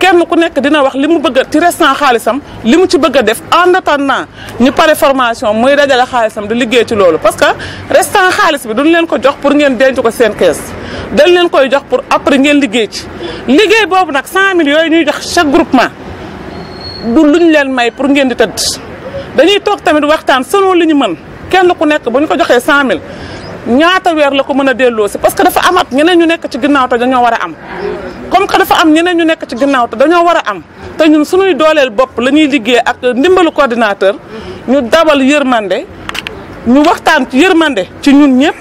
kenn ku nekk dina wax li mu bëgg a ci restant xaalisam li mu ci bëgg a def en attendant ñu pare formation muy dajale xaalisam di liggéey ci loolu parce que restant xaalis bi duñ leen ko jox pour ngeen denc ko seen kees dañ leen koy jox pour après ngeen liggéey ci liggéey boobu nag 100000 yooyu ñuy jox chaque groupement du ñu leen may pour ngeen di tëdd dañuy toog tamit waxtaan selon li ñu mën kenn ku nekk bu ñu ko joxee 100000 ñaata weer la ko mën a delloo si parce que dafa amat ñeneen ñu nekk ci ginnaaw te dañoo war a am comme que dafa am ñeneen ñu nekk ci ginnaaw te dañoo war a am te ñun suñuy dooleel bopp la ñuy liggéey ak ndimbalu coordinateur ñu dabal yërmande ñu waxtaan ci yërmande ci ñun ñëpp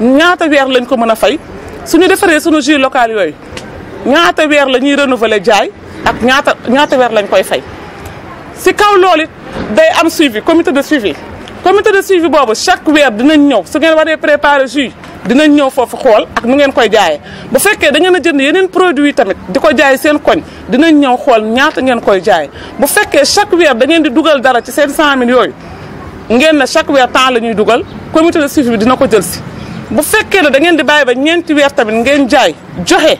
ñaata weer lañ ko mën a fay suñu defaree suñu jus local yooyu ñaata weer la ñuy renouveler jaay ak ñaata ñaata weer lañ koy fay si kaw loolu it day am suivi comité de suivi comité de suivi boobu chaque weer dinañ ñëw su ngeen waree préparer jus dinañ ñëw foofu xool ak nu ngeen koy jaayee bu fekkee da ngeen a jënd yeneen produit tamit di ko jaay seen koñ dinañ ñëw xool ñaata ngeen koy jaay bu fekkee chaque weer da ngeen di dugal dara ci seen 100000 yooyu ngeen ne chaque weer temps la ñuy dugal comité de suivi bi dina ko jël si. bu fekkee ne da ngeen di bàyyi ba ñeenti weer tamit ngeen jaay joxe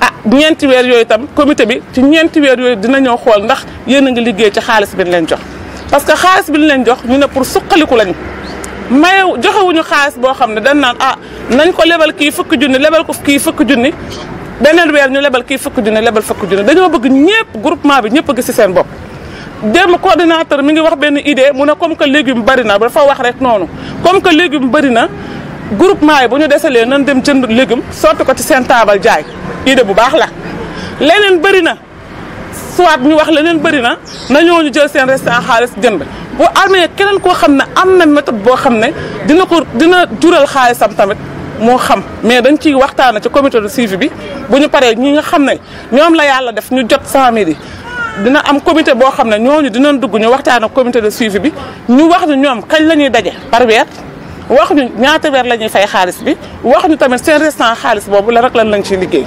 ah ñeenti weer yooyu tam comité bi ci ñeenti weer yooyu dina ñëw xool ndax yéen a ngi liggéey ci xaalis bi ñu leen jox. parce que xaalis bi ñu leen jox ñu ne pour suqaliku lañu maye joxewuñu xaalis boo xam ne dañ naan ah nañ ko lebal kii fukk junni lebal ko kii fukk junni beneen weer ñu lebal kii fukki junni lebal fukki junni dañoo bëgg ñëpp groupement bi ñëpp a gis ci seen bopp. démb coordinateur mi ngi wax benn idée mu ne comme que légume bari na dafa wax rek noonu comme que légume bari na groupement yi bu ñu desalee nan dem jënd légume sotti ko ci seen taabal jaay idée bu baax la leneen bari na. soit ñu wax leneen bëri na na ñooñu jël seen restant xaalis jënd bu amee keneen koo xam ne am na méthode boo xam ne dina ko dina jural xaalisam tamit moo xam mais dañ ciy waxtaana ci comité de suivi bi bu ñu paree ñi nga xam ne ñoom la yàlla def ñu jot cent mille dina am comité boo xam ne ñooñu dinañ dugg ñu waxtaan ak comité de suivi bi ñu wax ñu ñoom kañ la ñuy daje par weer wax ñu ñaata weer la ñuy fay xaalis bi wax ñu tamit seen restant xaalis boobu la rek lañu lañ ciy liggéey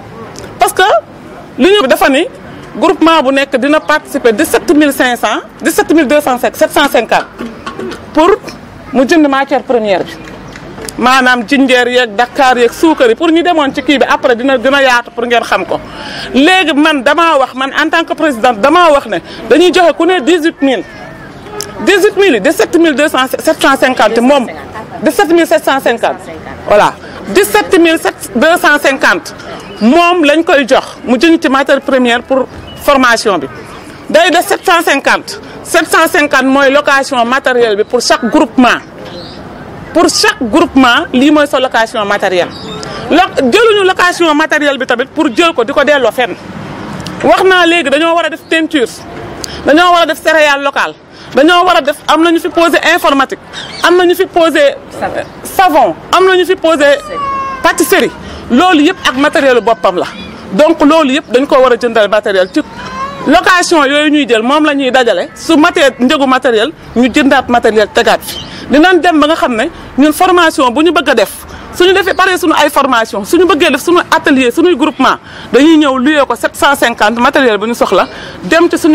parce que l'union groupe dafa ni groupement bu nek dina participer 17500 17250 750 pour mu jënd matière première bi maanaam jinjeer Dakar yeeg suukar pour ñu démon ci ki bi après dina dina yaatu pour ngeen xam ko léegi man dama wax man en tant que président, dama wax ne dañuy joxe ku ne 18000 18000 yi 750 Voilà. 17 voilà 17250 mom lañ koy jox mu jënd ci matière première pour formation bi day de 750 750 mooy location matériel bi pour chaque groupement pour chaque groupement lii mooy sa location matériel lo jëluñu location matériel bi tamit pour jël ko di ko delloo fenn wax naa léegi dañoo war a def teinture dañoo war a def céréale local dañoo war def am fi posé informatique am nañu fi posé euh, savon am nañu fi posé pâtisserie loolu yëpp ak matériel boppam la donc loolu yëpp dañ ko matériel ci location yooyu ñuy jël moom la ñuy dajale su njëgu matériel ñu jëndaat matériel tegaat fi dinañ dem ba nga formation bu ñu bëgg def formation suñu nous def suñu atelier suñu groupement dañuy ñëw 750 matériel nous ñu soxla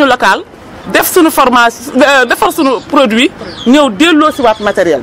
local def suñu formation euh, defar suñu produit ñëw matériel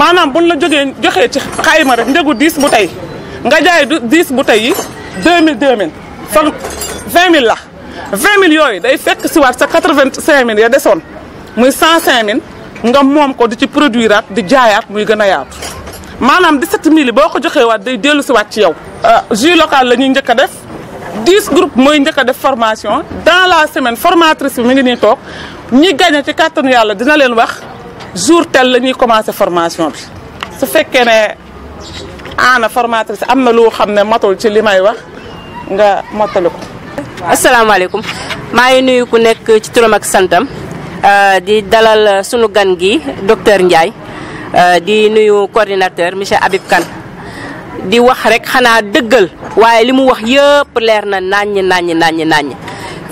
maanaam buñ la jógee joxee ci xayma rek njëgu diis bu tey nga jaay 10 bu tey yi 2000 2000 fa mille la 20000 yooyu day fekk si waat sa 85000 ya desoon muy 105000 nga moom ko di ci produiraat di jaayaat muy gën a yaatu maanaam 17000 yi boo ko joxee waat day dellu siwaat ci yow. Euh, jus local la ñuy njëkk a def 10 groupes mooy njëkk a def formation dans la semaine formatrice mu ngi nii toog ñi gagné ci kàttanu yàlla dina leen wax. jour tel la ñuy commencé formation bi su fekkee ne ana formatrice am na loo xam ne matul ci li may wax nga mottali ko. asalaamaaleykum maa ngi nuyu ku nekk ci turam ak santam euh, di dalal sunu gan gi docteur Ndiaye euh, di nuyu koordinateur monsieur Habib kan di wax rek xanaa dëggal waaye li mu wax yëpp leer na naññ naññ naññ naññ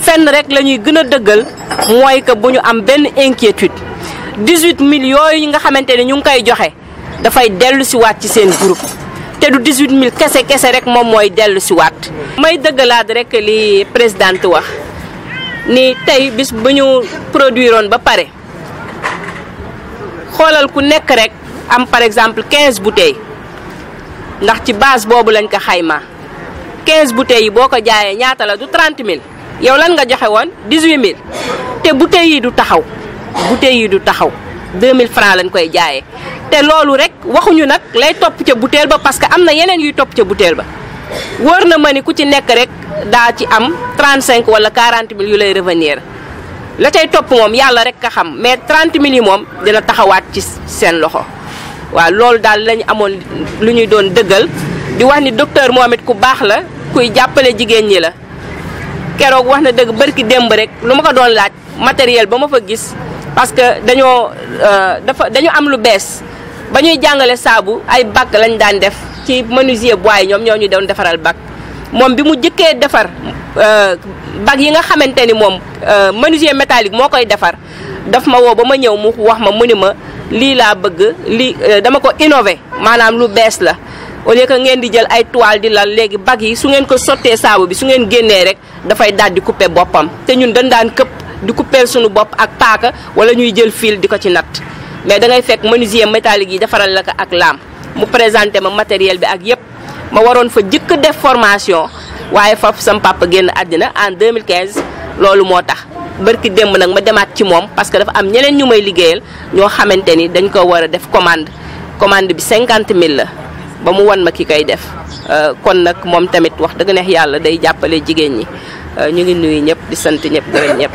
fenn rek la ñuy gën a dëggal mooy que bu ñu am benn inquiétude. 18 mille yooyu nga xamante ne ñu ngi koy joxe dafay dellu si waat ci seen groupe te du 18 mille kese kese rek moom mooy dellu si waat may dëggalaat rek li présidente wax ni tey bis bu ñu produiroon ba pare xoolal ku nekk rek am par exemple quinze bouteilles ndax ci base boobu lañ ko xayma 15 bouteilles yi boo ko jaayee ñaata la du 30 mille yow lan nga joxe woon 18 mille te bouteilles yi du taxaw butéel yi du taxaw 2000 francs lañ koy jaayee te loolu rek waxuñu nag lay topp ca butéel ba parce que am na yeneen yuy topp ca butéel ba wër na ma ni ku ci nekk rek daa ci am 35 wala 40 mille yu lay revenir la cay topp moom yàlla rek ka xam mais 30 mille yi moom dina taxawaat ci seen loxo waaw loolu daal lañu amoon lu ñuy doon dëggal di wax ni docteur moom it ku baax la kuy jàppale jigéen ñi la keroog wax na dëgg bërki démb rek lu ma ko doon laaj matériel ba ma fa gis parce que dañoo euh, dafa dañu am lu bees ba ñuy jàngale saabu ay bag lañ daan def ci menuisier bois ñoom ñoo ñu doon defaral bag moom bi mu jëkkee defar euh, bac yi nga xamante ni moom euh, menuisier métallique moo koy defar daf ma woo ba ma ñëw mu wax ma mu ni ma lii laa bëgg lii dama ko innové maanaam lu bees la au lieu que ngeen di jël ay toile di lal léegi bag yi su ngeen ko sottee saabu bi su ngeen génnee rek dafay daal di boppam te ñun dañ daan këpp di couper suñu bopp ak paaka wala ñuy jël fil di ko ci natt mais da ngay fekk menuisier métallique yi defaral la ak lam mu présenté ma matériel bi ak yépp ma waroon fa jëkk def formation waaye faf sam papa génn àddina en 2015 loolu moo tax barki demb nag ma demaat ci moom parce que dafa am ñeneen ñu may liggéeyal ñoo xamante ni dañ ko war a def commande commande bi 50 000 la ba mu wan ma ki koy def euh, kon nag moom tamit wax dëgg neex yàlla day jàppale jigéen ñi euh, ñu ngi nuyu ñëpp di sant ñëpp gërëm ñëpp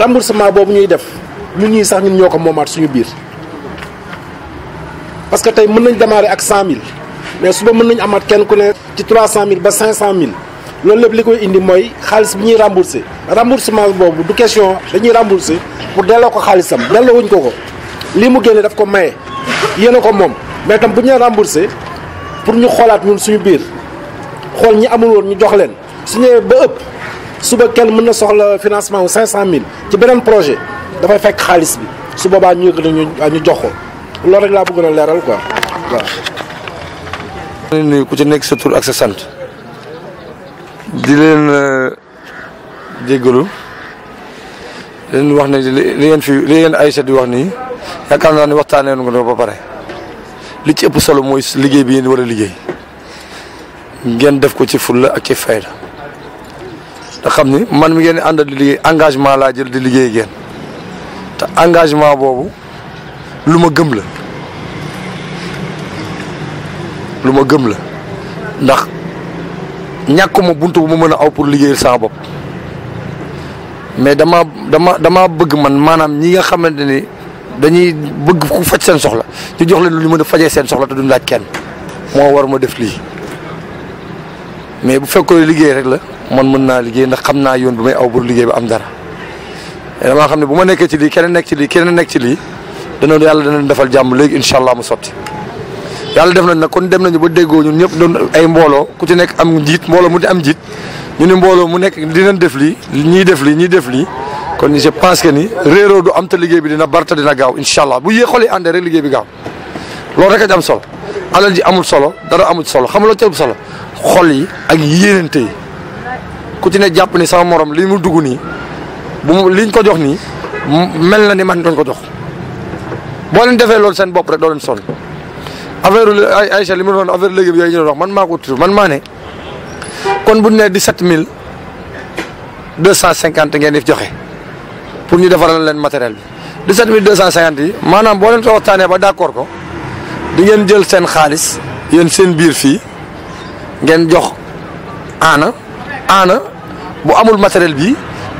remboursement boobu ñuy def ñun ñii sax ñun ñoo ko moomaat suñu biir parce que tey mën nañ démarrer ak 100000 mais suba mën nañ amaat kenn ku ne ci 300000 ba 500000 loolu lépp li koy indi mooy xaalis bi ñuy remboursé remboursement boobu du question dañuy remboursé pour delloo ko xaalisam delloo wuñ ko ko lii mu génne daf ko maye yéen ko moom mais tam bu ñu remboursé pour ñu xoolaat ñun suñu biir xool ñi amul woon ñu jox leen su ñëwee ba ëpp. suba kenn mën na soxla financement wu 500000 ci beneen projet dafay fekk xaalis bi su boobaa ñu yëg ñu ñu jox ko loolu rek laa bëgg a leeral quoi waaw. di nuyu ku ci nekk sa tur ak sa sant di leen euh, jéggalu leen wax ne li ngeen fi li ngeen ay set di wax nii yaakaar naa ne waxtaanee nga ko ba pare li ci ëpp solo mooy liggéey bi ngeen war a liggéey ngeen def ko ci fulla ak ci fayda te xam ni man mi ngeen àndal di li engagement laa jël liggéey gen te engagement boobu lu ma gëm la lu ma gëm la ndax ñàkkuma bunt bu mu mën a aw pour liggéey sama bopp mais dama dama dama bëgg man maanaam ñi nga xamante ni dañuy bëgg ku faj seen soxla ñu jox leen lu ñu mën a fajee seen soxla te duñ laaj kenn moo war ma def lii mais bu fekkoon liggéey rek la. man mën naa liggéey ndax xam naa yoon bi may aw pour liggéey ba am dara damaa xam ne bu ma nekkee ci lii keneen nekk ci lii keneen nekk ci lii dana yàlla dana defal jàmm léegi incha allah mu sotti yàlla def nañ na kon dem nañu ba déggoo ñun ñëpp doon ay mbooloo ku ci nekk am njiit mbooloo mu di am njiit ñu ne mbooloo mu nekk dinañ def lii ñiy def lii ñiy def lii kon je pense que ni réeroo du am te liggéey bi dina barta dina gaaw incha allah bu yéexoo lay àndee rek liggéey bi gaaw loolu rek am solo alal ji amul solo dara amul solo xam nga loolu solo xol yi ak yéenante yi ku ci ne jàpp ni sama moroom li mu dugg nii bu mu liñ ko jox nii mel na ni man doon ko jox boo leen defee loolu seen bopp rek doo leen sonn affaire li mu doon affaire léegi bi yooyu ñu doon man maa ko man maa ne kon bu ñu nee dix-sept mille deux cent cinquante ngeen di joxe pour ñu defaral leen matériel bi dix-sept mille deux cent cinquante yi maanaam boo leen ko waxtaanee ba d'accord ko di ngeen jël seen xaalis yéen seen biir fii ngeen jox aana aana bu amul matériel bi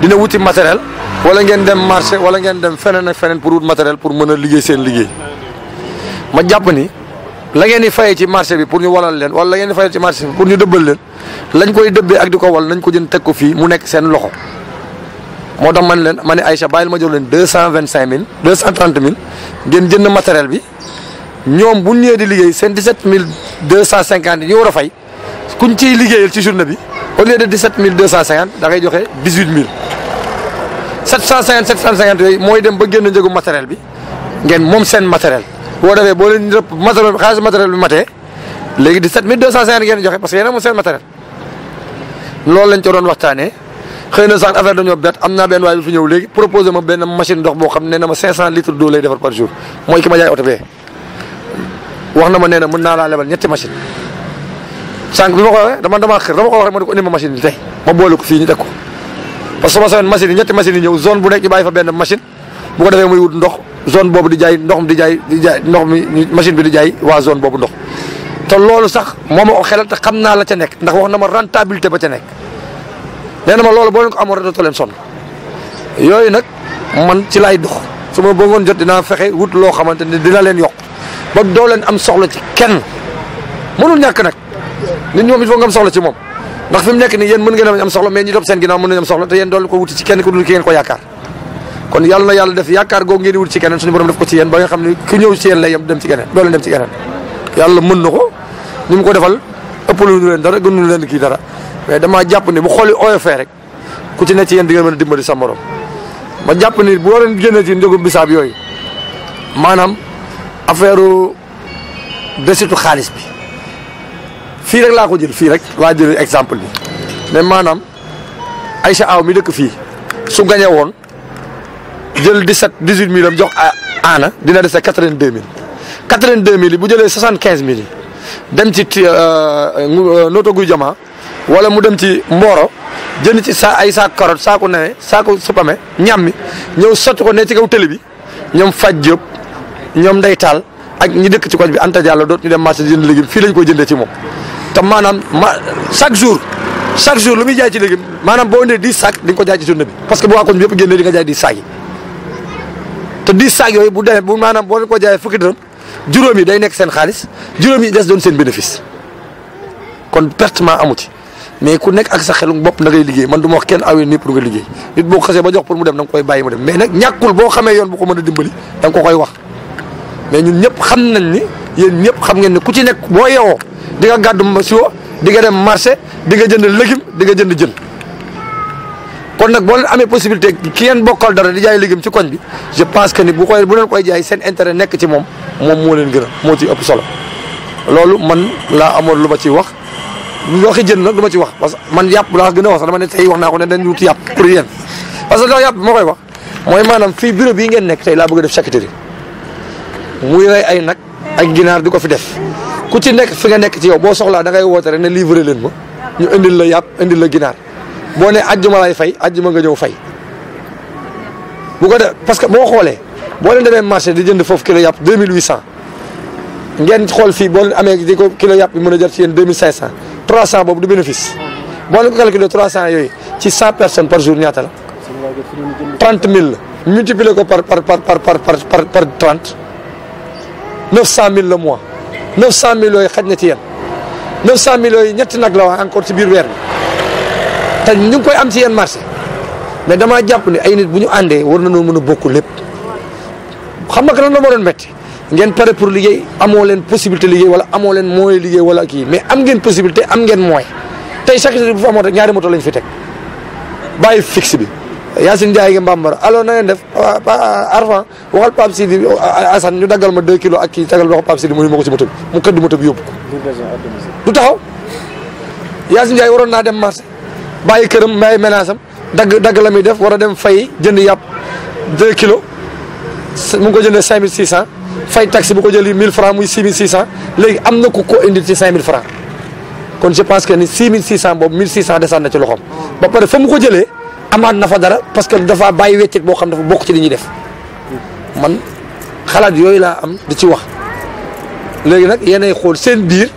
dina wuti matériel wala ngeen dem marché wala ngeen dem feneen ak feneen pour wut matériel pour mën a liggéey seen liggéey ma jàpp ni la ngeen di fayee ci marché bi pour ñu walal leen wala la ngeen di fayee ci marché bi pour ñu dëbbal leen lañ koy dëbbee ak di ko wal nañ ko jën teg ko fii mu nekk seen loxo moo tax man leen ma ne Aïcha bàyyil ma jox leen deux cent vingt cinq mille deux cent trente mille ngeen matériel bi ñoom bu ñu di liggéey seen dix sept mille deux cent cinquante yi ñu war a fay kuñ ciy liggéeyal ci journée bi. au lieu de 17 250 da ngay joxe 18000 750 750 yooyu mooy dem ba génn njëgu matériel bi ngeen moom seen matériel boo defee boo leen rëpp matériel xaalis matériel bi matee léegi 17 250 ngeen joxe parce que yéen a moom seen matériel loolu lañ ci doon waxtaanee xëy na sax affaire dañoo bett am naa benn waay bi fi ñëw léegi proposé ma benn machine dox boo xam ne na ma 500 litres d'eau lay defar par jour mooy ki ma oto bee wax na ma nee na mën naa laa lebal ñetti machine sànq bi ma ko waxee dama dama xër wax rek ma ne ko indi ma machine bi tey ma boole ko fii ñu teg ko parce que sama semaine machine yi ñetti machine yi ñëw zone bu nekk ñu bàyyi fa benn machine bu defee muy wut ndox zone boobu di jaay ndox mi di jaay di ndox mi machine bi di jaay waa zone boobu ndox te loolu sax moom ma ko xelal te xam naa la ca nekk ndax wax na ma rentabilité ba ca nekk nee na ma loolu boo leen ko amoon rek dootoo leen sonn yooyu nag man ci laay dox su ma bëggoon jot dinaa fexe wut loo xamante ne dina leen yokk ba doo leen am soxla ci kenn mënul ñàkk nag nit ñi moom il faut nga am soxla ci moom ndax fi mu nekk nii yéen mën ngeen am soxla mais ñi topp seen ginnaaw mën nañu am soxla te yéen dool ko wuti ci kenn ku dul ki ngeen ko yaakaar kon yàlla na yàlla def yaakaar googu ngeen di wut ci keneen suñu borom def ko ci yéen ba nga xam ne ku yàlla mën na ko ni mu ko defal ëppalu ñu dara gënuñu leen kii dara damaa jàpp ni bu xooli oyofee rek ku ci ne ci yéen di ngeen mën a dimbali sa morom ma jàpp ni boo leen génnee ci njëgu bisaab yooyu maanaam affaire desitu xaalis bi fii rek laa ko jël fii rek laa jël exemple bi mais maanaam Aïcha Aw mi dëkk fii su gañe woon jël 17 18 mille am jox aana dina dese 82 mille 82 mille yi bu jëlee 75 mille yi dem ci euh, euh, noto guy jama wala mu dem ci mbooro jën ci sa ay saako carotte saako newe saako supame ñammi ñëw sotti ko ne ci kaw télé bi ñoom faj jëpp ñoom nday taal ak ñi dëkk ci koñ bi Anta Diallo doot ñu dem marché jënd légume fii lañ koy jëndee ci moom te maanaam ma chaque jour chaque jour lu muy jaay ci léegi maanaam boo indee di sacs di ko jaay ci journée bi parce que bu waa koñ bi yëpp génnee di nga jaay dix sacs yi yooyu bu demee bu maanaam boo leen ko jaayee fukki dërëm juróom yi day nekk seen xaalis juróom yi des doon seen bénéfice kon pertement amu ci mais ku nekk ak sa xelum bopp na ngay liggéey man du ma wax kenn awee nii pour nga liggéey nit boo ko xasee ba jox pour mu dem da nga koy bàyyi mu dem mais nag ñàkkul boo xamee yoon bu ko mën a dimbali da ko koy wax mais ñun ñëpp xam nañ ni yéen ñëpp xam ngeen ne ku ci nekk boo yeewoo di nga ma siwo di nga dem marché di nga jënd légume di nga jënd jën kon nag boo leen amee possibilité ki ngeen bokkal dara di jaay légume ci koñ bi je pense que ni bu koy bu leen koy jaay seen intérêt nekk ci moom moom moo leen gën a moo ci ëpp solo loolu man laa amoon lu ma ciy wax waxi jën nag du ma ci wax parce que man yàpp laa gën a wax sax dama ne tey wax naa ko ne dañu wuti yàpp pour yéen parce que dax yàpp moo koy wax mooy maanaam fii bureau bii ngeen nekk tey laa bëgg def ay nag ak ginaar di ko fi def ku ci nekk fi nga nekk ci yow boo soxlaa da ngay woote rek ne livré leen ma ñu indil la yàpp indil la ginaar boo ne ajjuma lay fay ajjuma nga ñëw fay. bu ko def parce que boo xoolee boo leen demee marché di jënd foofu kilo yàpp 2800 ngeen xool fii boo leen amee ko kilo yàpp mën a jar ci yéen 2500 300 boobu du bénéfice boo leen ko calculé 300 yooyu ci cent personnes par jour ñaata la. 30 000 la multiplié ko par par par par par par 30. cent 900000 le mois 900000 yooyu xaj na ci yéen 900000 yooyu ñetti nag la wax encore ci biir weer bi te ñu ngi koy am ci yenn marché mais damaa jàpp ni ay nit bu ñu àndee war na nañoo mën a bokk lépp xam nga lan la ma doon métti ngeen pare pour liggéey amoo leen possibilité liggéey wala amoo leen moyen liggéey wala kii mais am ngeen possibilité am ngeen moyen tey chaque jour bu fa amoon rek ñaari moto lañ teg bàyyi fixe bi. Yacine Ndiaye ngi Bambara allo na ngeen def ah, ah, ah, Arfan waxal Pape Sidi Assane ñu daggal ma 2 kilos ak kii tegal ma ko Pape Sidi mu du taxaw Yacine Ndiaye waroon naa dem marché bàyyi këram may ménage am dagg dagg la muy def war a dem fay jënd yàpp 2 kilos mu ngi ko jëndee 5600 fay taxi bu ko jëli 1000 francs muy 6600 léegi am na ku ko indi ci 5000 francs kon je pense que ni 6600 boobu 1600 descend amaat na fa dara parce que dafa bàyyi weccet boo xam dafa bokk ci li def man xalaat yooyu laa am di ci wax léegi nag yéenay xool seen biir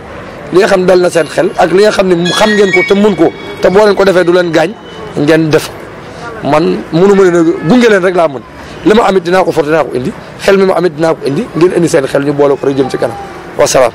li nga xam dal na seen xel ak li nga xam ne xam ngeen ko te mën ko te boo leen ko defee du leen gaañ ngeen def man munu ma leen a gunge leen rek laa mën li ma amit dinaa ko for ko indi xel mi ma amit dinaa ko indi ngeen indi seen xel ñu boole ko rek jëm ci kanam wasalaam